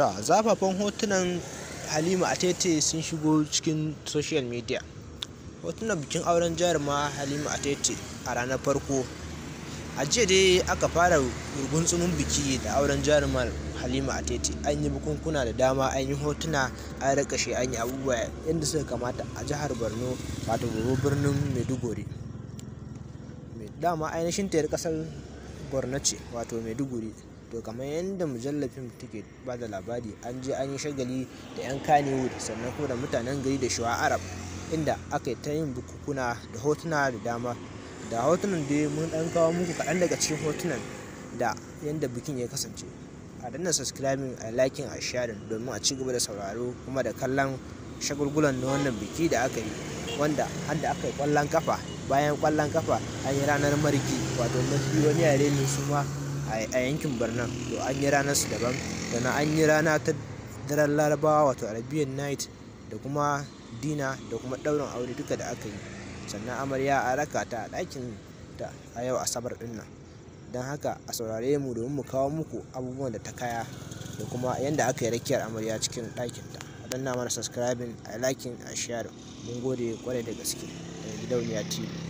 ta zafafan hotunan halima a tete sun shigo cikin social media hotunan bikin auren jaruma halima tete a ranar farko a jiya dai aka fara tsumin biki da auren jarumar halima tete an yi bukunkuna da dama an yi hotuna an rikashe an yi abubuwa yadda suka kamata a jihar borno wato gobe birnin maiduguri dama ainihin ta kasar borno ce wato maiduguri to kamar yadda mujallar fim take ba da labari an je an yi shagali da 'yan kanewood sannan kuma da mutanen gari da shuwa arab inda aka yi ta yin bukukuna da hotuna da dama da hotunan dai mun dan kawo muku kaɗan daga cikin hotunan da yadda bikin ya kasance a danna subscribing a liking a sharing domin a ci gaba da sauraro kuma da kallon shagulgulan na wannan biki da aka yi wanda har da aka yi kwallon kafa bayan kwallon kafa an yi ranar mariki wato mafi wani yare ne su ma a yankin birnin to an yi ranar su daban sannan an yi rana ta daren larabawa wato arabian night da kuma dina da kuma daurin aure duka da aka yi sannan amarya a raka ta a ɗakin ta a yau asabar ɗin nan don haka a saurare mu domin mu kawo muku abubuwan da ta kaya da kuma yadda aka yi rakiyar amarya cikin ɗakin ta a danna mana subscribing a liking a share mun gode kwarai da gaske daga gidauniya tv